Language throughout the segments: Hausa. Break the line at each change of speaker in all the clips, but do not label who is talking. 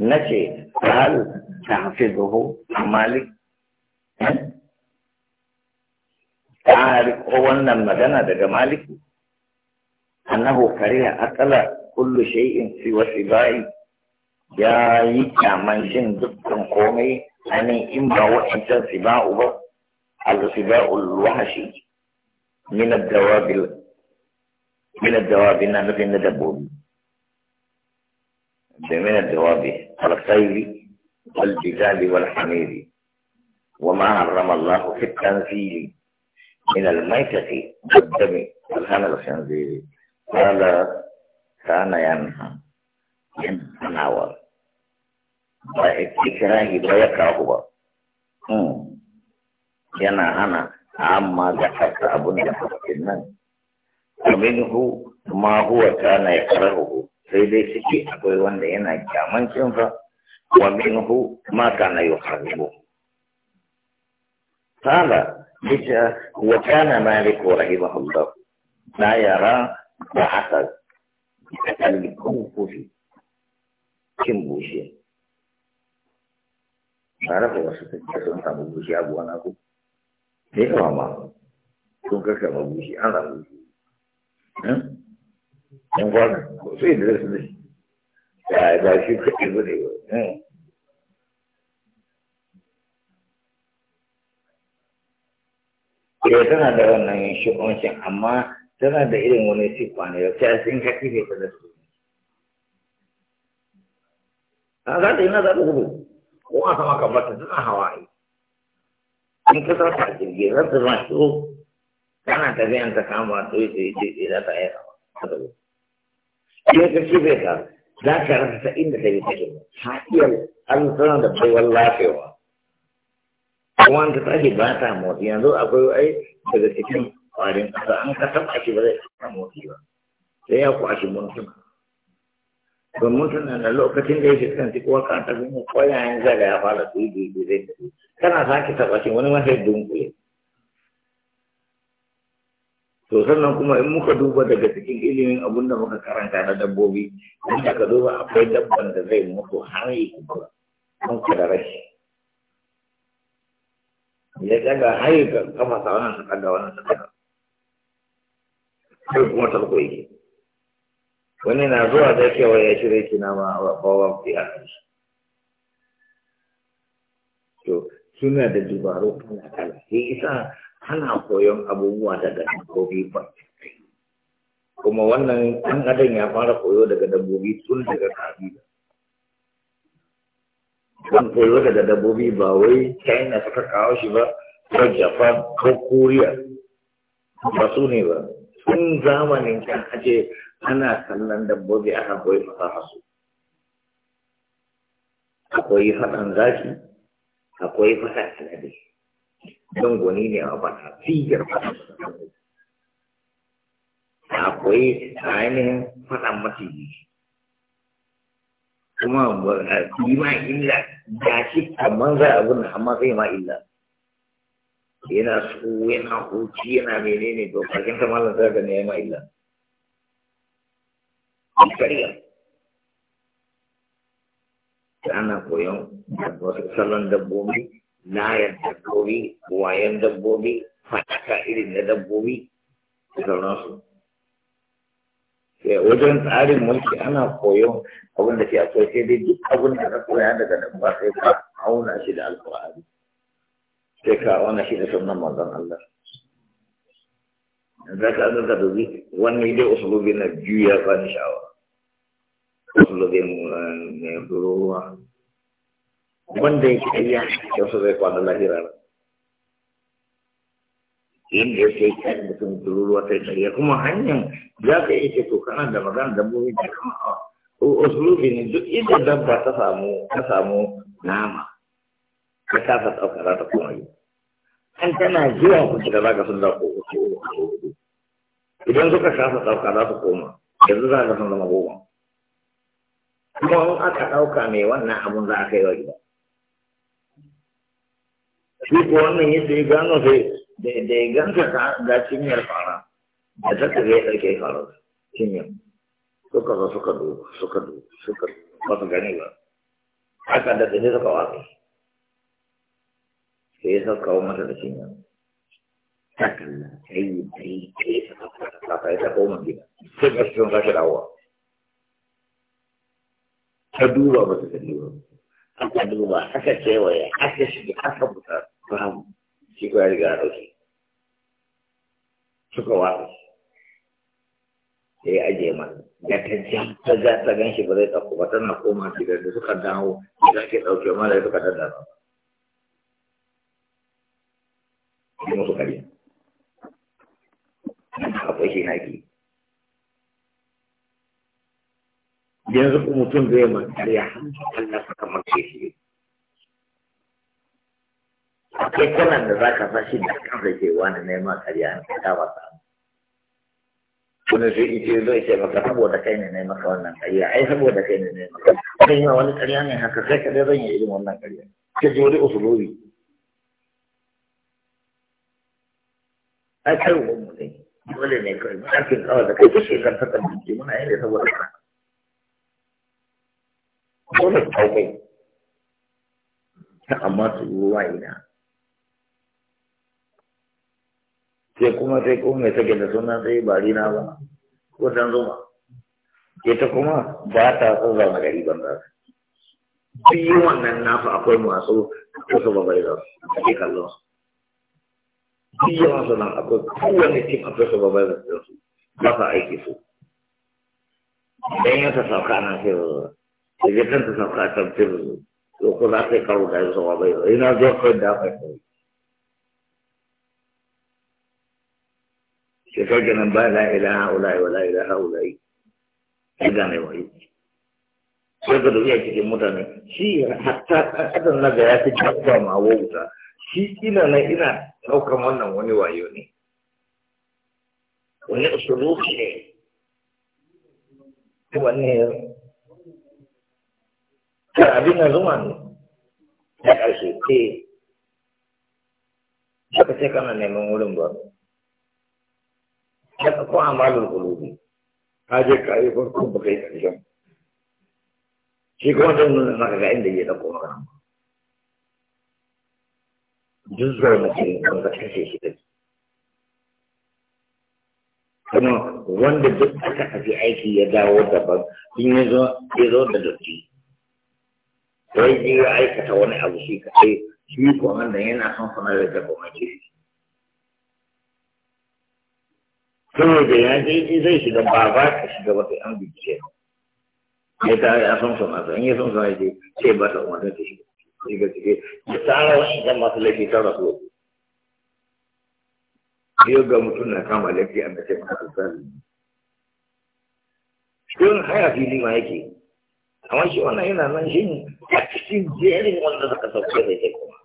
نشي هل تحفظه مالك تعرف هو المدنة دقى مالك أنه كره أكل كل شيء سوى سباعي يا من شن دكتن قومي أني إما وإنسان سباع السباء الوحشي من الدواب من الدواب نحن في جميع الدواب والخيل والجبال والحمير وما حرم الله في التنزيل من الميتة والدم والهنا الخنزير قال كان ينهى ينهى إكراهي ويكرهه yana hana amma da haka abin da haƙƙin nan. Aminhu ma huwa kana sai dai ciki akwai wanda yana kyaman cinsa wa minhu ma kana yuharribu qala bisa wa kana malik rahimahullah la yara da hasad al-kufi kin bushe tare da wasu tafiya sun samu bushe a gona ku da yawa ma sun kaka ma bushe an samu bushe hmm? yan kwana ko sai da su ne ya ba shi kaɗai ne ba hmm. Eh tana da wannan onshin, amma tana da irin wani siffa ne sai sun kaki ne ta da su. A za ta yi na zaɓi ta ko a sama kabata tana hawaye. In ka sa ta jirgi za ta ma shi tana tafiyan ta kama to ita ita za ta yi hawa. sai ka kife ka za ka rasa inda ta yi take ha iya an sanar da baiwar lafewa kuma ta tashi ba ta motsi yanzu akwai ai daga cikin kwarin kasa an ka lokacin da ya shi kan ci kuwa ka ya fara tsuyi zai sake taba shi wani wata to sannan kuma in muka duba daga cikin ilimin abun da muka karanta na dabbobi in ka duba akwai dabban da zai mutu har yi kuma an da rashi ya daga har yi kama sa wannan ta daga wannan ta daga sai kuma talko yake wani na zuwa da cewa ya shirya na ma a bawa a shi to suna da dubaru kala kala sai isa ana koyon abubuwa daga dabbobi ba kuma wannan ɗan adam ya fara koyo daga dabbobi tun daga kabila don koyo daga dabbobi ba wai china suka kawo shi ba ko japan ko korea ba su ne ba tun zamanin kan ace ana kallon dabbobi ana koyi fasaha su akwai faɗan zaki akwai fasa alade don ne a faɗa sigar faɗa akwai ainihin kuma yi ma illa ga amma zai ma illa yana yana yana menene to kakin ana koyon wasu salon dabbobi Na yadda dabbobi wayan dabbobi fataka irin na dabbobi da sauransu eh, wajen tsarin mulki ana koyon abin da ke akwai sai dai duk abin da ka koya daga nan ba sai ka auna shi da alkur'ani sai ka auna shi da sunan manzon Allah za ka ga ka dubi wani dai usulubi na juya ba ni sha'awa usulubin eh, mai ruwa wanda ya kariya yau su zai kwanan lahira nan inda ya kai kan mutum tururuwa ta kariya kuma hanyar za ka iya ce to kana da magana dabbobi da kama usulubi ne duk inda dabba ta samu ta samu nama ka kasa ɗauka za ta kuma yi an tana zuwa kuci da za ka sun da ko uku a idan suka kasa ɗauka za su koma yanzu za ka sun zama goma kuma in aka ɗauka mai wannan abun za a kai wa gida shi ko wannan yadda ya gano sai da ya ganka ga cinyar fara da ta ta zai ɗauke fara cinyar suka zo suka duba suka suka ba su gani ba haka da tsaye suka wasu sai ya sauka wa mata da cinyar ta ta yi ta yi ta yi ta yi ta koma gida sai ga sun sake dawowa ta duba ba ta duba aka duba aka kewaye aka shiga aka buta babu shi ko riga suka wasu sai ya ajiye mana da ta ja ta ja shi ba zai ɗauko ba tana koma gidan da suka dawo idan ke ɗauke mana da suka daddara shi musu kare akwai shi naki yanzu ko mutum zai ma kariya ka saka mace shi akwai kanan da za ka fashi da kansa ke wani neman karya na ta ba samu wani zai ije zai ce maka saboda kai ne neman ka wannan karya ai saboda kai ne ne maka kai ma wani karya ne haka kai kadai zan yi irin wannan karya ke ji wani usulobi ai kai wani mutum dole ne kai muna kin kawai da kai kushe kan ta jiki muna yi ne saboda ka dole ka kai amma su yi wa ina ke kuma sai ko mai take da sunan sai ba rina ba ko dan zuma ta kuma ba ta son zauna gari banza biyu wannan nafa akwai masu kusa ba bai zasu ake kallon su biyu masu nan akwai kowane tim akwai su ba bai su ba sa aiki su Dan ya ta sauka na sai ba da jikin ta sauka ta fi zo ko za ka karo da yi zuwa bai zasu ina zuwa kawai da aka yi shekar ganin ba la ilaha ulai wa la ilaha ulai ya gane wayo sai ka dubi cikin mutane shi hatta na ga ya fi jabba ma wauta shi ina na ina wannan wani wayo ne wani usuluki ne wani ta abin na zuma ne eh. da ƙarshe ce haka sai kana neman wurin ba ya ɗauko amalin kulubi ta je ka yi farko ba kai ƙarshen shi kuma zai nuna maka ga inda ya ɗauko maka nan duk zuwa mace kan ka kashe shi da
kuma wanda
duk aka tafi aiki ya dawo daban in ya zo ya zo da dotti sai ji ya aikata wani abu shi kaɗai shi ko nan yana son sanar da jagomaki saboda ya je in zai shiga ba ba ka shiga ba sai an bincike ya ta ya a son asa in ya san son ya ce ba ta umarnin ta shiga shiga cike ya tsara wani idan masu laifi ta rasu biyu ga mutum na kama laifi a da sai masu tsari shirin haya fili ma yake amma shi wannan yana nan shi ne a cikin jerin wanda suka sauke zai kai kuma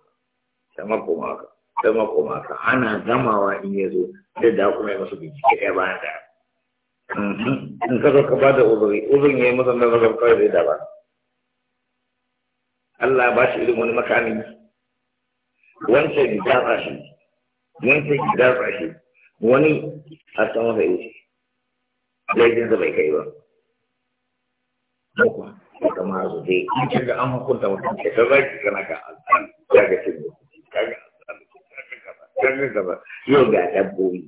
sama ka. haka da makomaka ana gamawa in ya zo da da kuma ya masa bincike ya ba da in ka zo ka ba da uzuri uzurin ya yi masa na zarar kawai zai da ba Allah ba shi irin wani makami wancan ya dafa shi wance ya dafa shi wani a saman yi wuce laifinsa bai kai ba kuma ya kama zo dai, in ga an hukunta mutum, ka ta zaki kana ka al'adu, ya ga ganin gaba yau ga dabbobi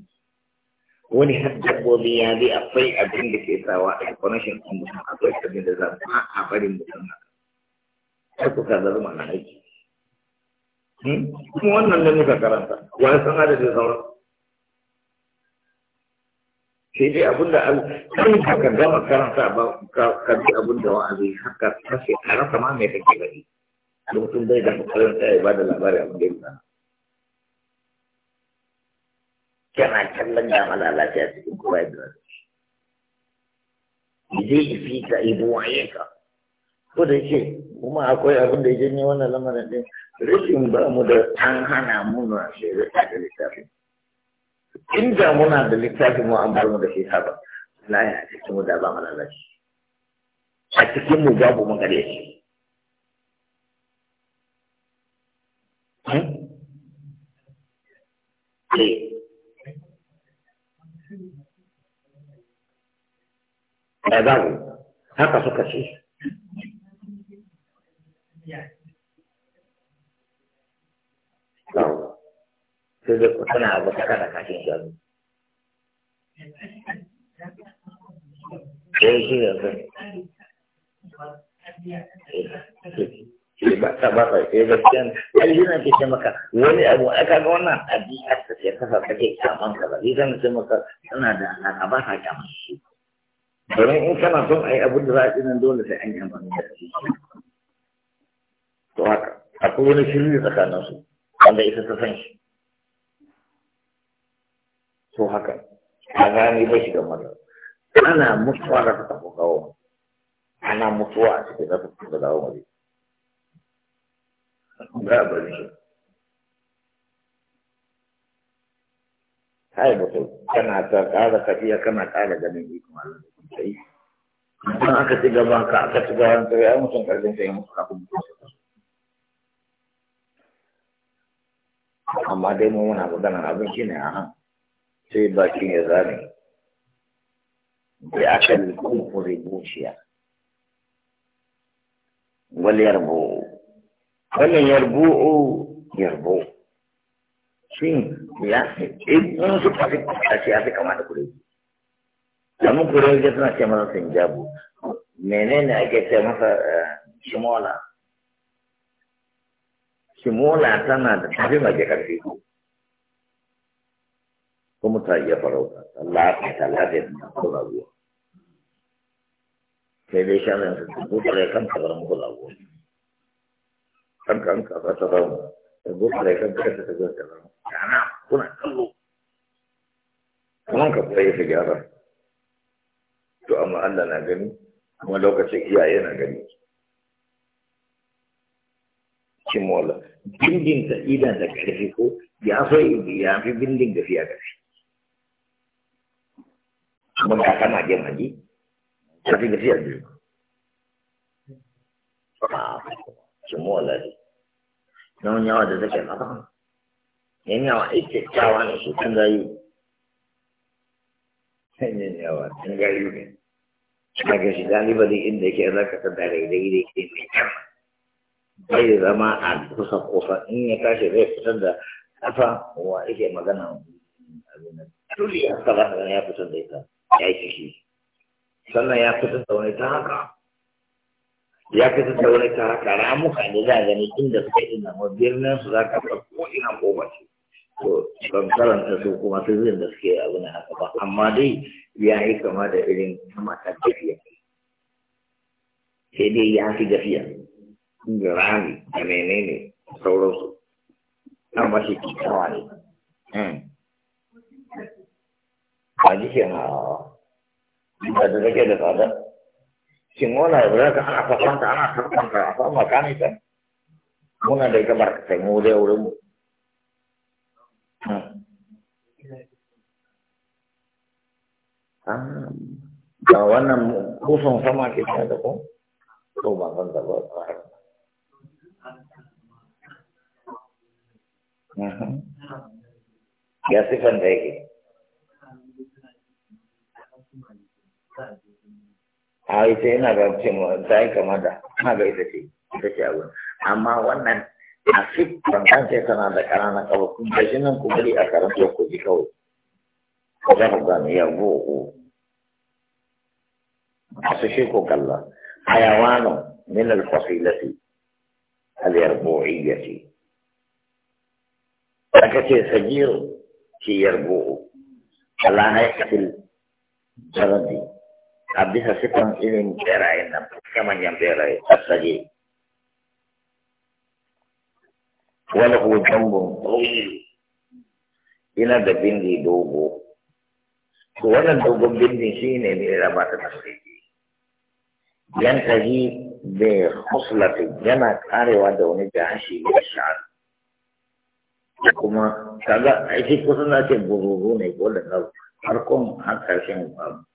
wani har dabbobi ya bi akwai abin da ke sawa a connection ɗin mutum akwai abin da za a barin mutum na kuka aiki hmm? kuma wannan da muka karanta wani san adadin sauran sai dai abin da ka gama karanta ba ka bi abin da wa'azi haka kashe a rasa ma mai kake gani bai da ya ba da labari abin kana kallon ga malalaci a cikin kuma ya zai yi fi ka ibu waye ka ko da yake kuma akwai abin da ya janye wannan lamarin din rikin ba mu da an hana mu na shirya da littafin inda muna da littafin mu an bar mu da shi saba na a cikin mu da ba malalaci a cikin mu babu mu gare shi Eh, da za ku haka suka ce sai da tana abu ta kada kashin shanu eh shi sai eh, ba ta ba ta sai eh, gaskiya ke ce maka wani abu aka ga wannan abi a ta sai kasa take kyaman ka ba zai ce maka da alaka ba ta kyaman shi domin in kana son a yi abin da za a ci dole sai an yi amfani da shi to haka akwai wani shirri tsakanin su wanda isa ta san shi to haka a gane ba shi ga mata ana mutuwa da ta tafi kawo ana mutuwa a cikin da ta tafi kawo mai ba a bari shi kai mutum kana ta ƙara tafiya kana ƙara ganin ikon Allah da kuma yi. Mutum aka ci gaban ka aka ci gaban ka ya mutum karfin yi mutum ka kuma amma dai mu muna maganar abin shi ne a han sai bakin ya Bai da akan kumfuri zuciya wal yarbu wannan yarbu'u yarbu' shin ya in suka fi kwace ya fi kama da kuregi samun kuregi suna ce masa sun jabu menene ake masa eh, shimola shimola tana da tafi mage karfi kuma ta iya ya ta lafiya da ko rabuwa sai dai shan su dubu da kan tabarin ko rabuwa kan kan ka ta ta zo a laikar da ta zo ta zama yana kuna kallo kuma ka koyi ta gyara to amma Allah na gani kuma lokacin iyaye na gani cimola bindin ta idan da karfi ko ya so ya fi bindin gafiya gafi mun ka kana jin haji ta fi a gafiya biyu cimola ne don yawa da take maka yin yawa ake kyawa ne shi tun gayu yin yawa tun gayu ne daga shi galibali inda yake zaka ta da daidai da ke mai kyau bai zama a kusa kofa in ya tashi zai fitar da kafa wa yake magana tuli a tsara ya fitar da ita ya yi shi sannan ya fitar da wani ta haka ya fitar da wani kara kara muka ne za a gani inda suka ina ma birnin su za ka ko ina ko ba ce to ban karanta su kuma sirrin da suke abu na haka ba amma dai ya yi kama da irin mata tafiya sai dai ya fi gafiya da rami da menene sauransu amma shi kikawa ne a jikin a da take da tsada Semula mereka anak perempuan, anak perempuan, apa makan itu? Muna dari kamar ketemu dia udah. Hmm. Ah, kawan kosong sama kita itu pun. Rumah tak buat Ya sih Thank you. a ita ina ga ce ta yi kama da na ga ita ce ita ce abun amma wannan a siffan kan ce kana da karana ƙananan ƙabakun da shi nan ku bari a karanta ku ji kawai ko ga ku gane ya boko su shi ko kalla hayawanu min al fasilati al alyarbu'iyyati aka ce sajiru ki yarbu'u Allah ya kafil jaradi a bisa sifan irin berayen nan manyan beraye tsage wani hujjambun ƙoyi yana da bindi dogo to wannan dogon bindin shi ne ne raba ta tasiri yan tahi bai huslati yana karewa da wani jahashi da sha'ar kuma kaga aiki kusa na ce bururu ne ko da farkon har karshen babu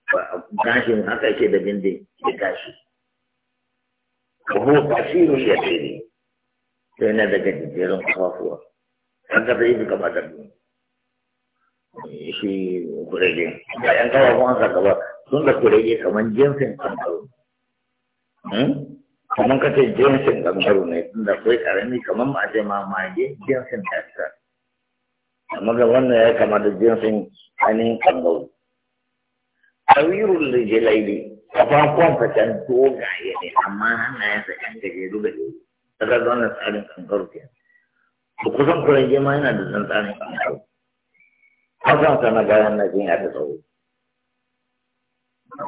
gashin haka yake da bindin ya gashi ko tasiru ya tere sai na daga jijjerin kafafuwa an ka zai gaba da shi kurege da yan kuma an gaba sun da kurege kamar jinsin kankaro hmm? kamar ka ce jinsin kankaro ne tun da kai karami kamar ma ce ma ma jinsin kankaro amma ga wannan ya kama da jinsin ainihin kankaro tawirul rijlaini kafafuwan sa can dogaye ne amma hannayen ya can gajeru gajeru daga wannan tsarin kankaro ke kusan kurege ma yana da zan tsarin kankaro hakan na bayan na jinya ta tsawo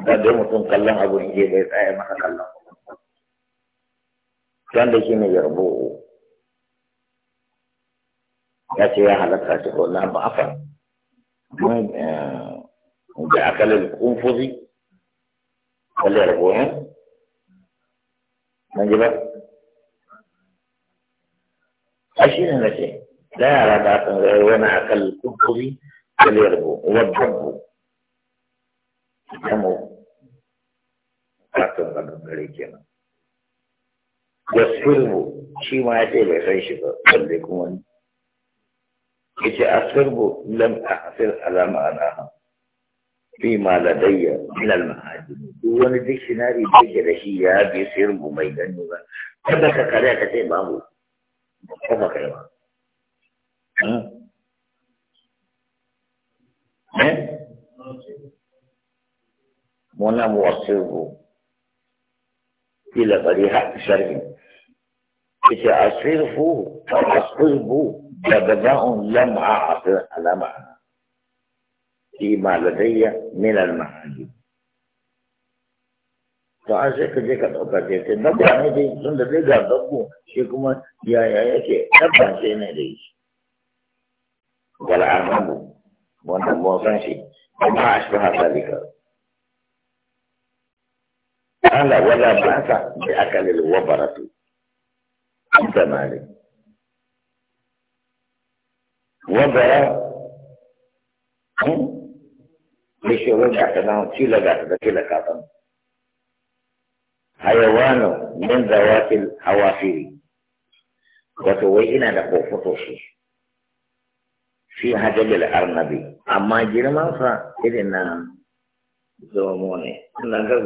da dai mutum kallon abu ne bai saya masa kallon wanda shi ne yarbo ya ce ya halatta shi ko na ba afa ngbe akalẹ nkunfosi akalẹ ẹgbọn nàjẹ bá aṣí ni nàṣẹ láyé àràdà àtàwọn ẹgbẹ náà akalẹ nkunfosi akalẹ ẹgbọn wọn dọgbọ ìjàmọ pàtó nǹkan tó ń bẹrẹ jẹ náà yasirbu shi ma ya ce bai san shi ba balle kuma ni ya ce asirbu lam a asir alama ana hannu فيما لدي من المعادن دون الديكشناري بيجر شيء يا بيصير مميزا تبقى كلاك تبقى تبقى كلاك ها ها مونا موصره إلى فريحة شرعي إذا أصرفه فأصرفه تبقى لمعة أصرف على معنى فيما لدي من المعاني to an sai ka je ka ɗauka ce ce dabba ne dai tun da zai ga dabbo shi kuma yaya yake dabba sai ne da shi wala amamu wanda mu san shi amma a shi ha zalika ala wala ba'sa bi akalil wabaratu anta malik wabara bishiyoyin ga ta nan kila ga ta da kila kafin hayawano min zawatil hawafiri wato wai ina da kofoto shi fi hajjalil arnabi amma girman sa irin na zomo ne nan ga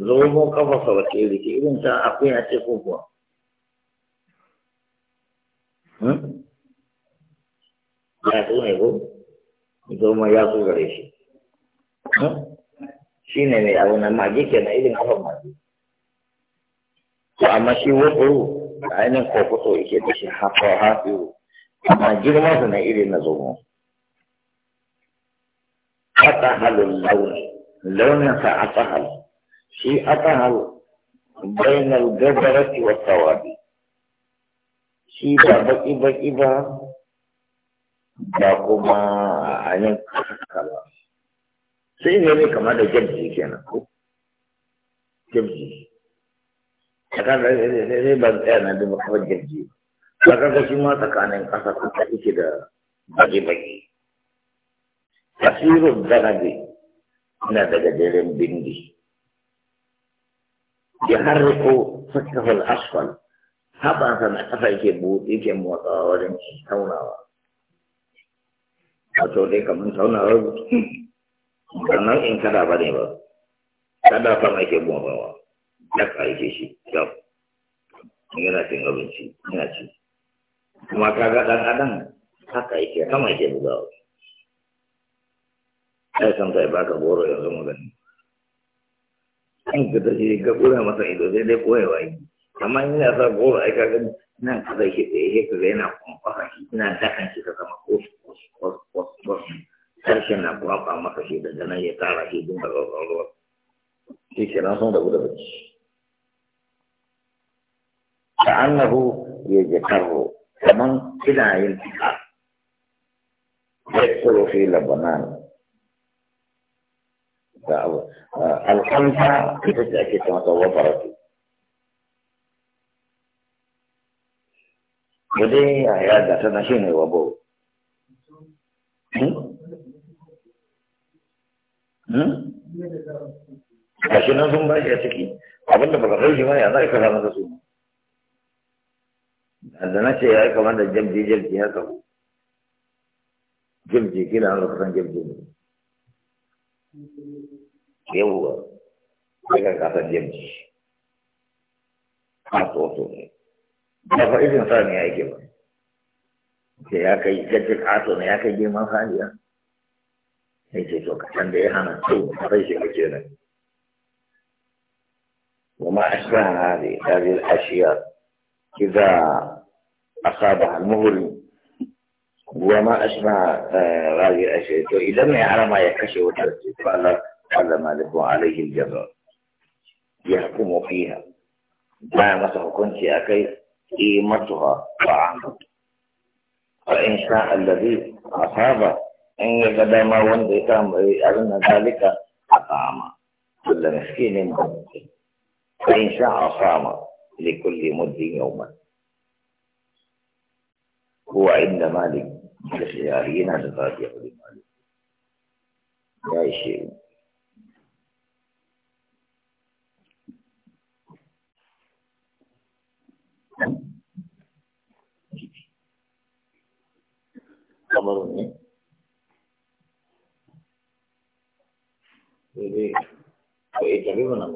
zomo kafa sa wace rike irin ta akwai a ce ko kuwa hmm? ya so ne ko zomo ya so gare shi shi ne mai abu na mage ke na irin kafan mage to amma shi wasu a ainihin kokoto yake da shi hafa hafi amma girma su na irin na zomo halin launi launin sa a atahal shi atahal bainal gabarati wa tawabi shi ba baki baki ba ba kuma ainihin kasa ba sai ne ne kamar da jabji kenan ko jabji a kan sai ban tsaya na duba kawai jabji ba kaga shi ma tsakanin ƙasa kuka ike da baki-baki tasirin zanabi na daga gajeren bindi ya harko sakafin asfal haɓansa na ƙasa yake buɗe yake motsawa wajen taunawa A wato dai kamar taunawa? sannan in kada ba ne ba kada sama yake gwabawa ya ƙarshe shi yana cin abinci yana ci ka ga ɗan adam haka yake sama yake bugawa ai san kai baka goro yanzu in ka tashi ka kura masa ido sai dai koyewa yi amma in yana sa goro ai ka gani nan ka zai shi tsaye ka ga yana kwamfasa shi ina dakan shi ka كرشنا بواقع ما كشيد دنا يتعالى شيدون بغض الله في سلاسون دبو دبتش كأنه يجكره فمن إلى ينتقر يدخل في لبنان الخمسة كتبت أكيد ما توفرت وده يا ده سنشين وابو Hmm? a shi nan sun bashi a ciki abinda ba ka kai shi ma ya za ka kama da su da na ce ya yi kamar da jamji jamji ya kawo jamji kila an rukusan jamji ne yawwa sai ka kasa jamji a so ne ba fa izin sa ne ya yi ke ba sai ya kai gajin kaso ne ya kai girman ya? ya ce to kasan da ya hana وما أشبه هذه هذه الأشياء إذا أصابها المغرم وما أشبه هذه الأشياء إذا ما يعلم ما يكشف قال قال مالك عليه الجبر يحكم فيها ما مسه كنت أكي قيمتها طعامه فإن شاء الذي أصابه in ya ga dama wanda ya samu abin nan zalika a kama kulla miskinin babbi fa in sha a sama li kulli muddin Ko a inda malik da shiyari yana da zafi a wurin malik ya ishe kamar ne sai dai ko ita mana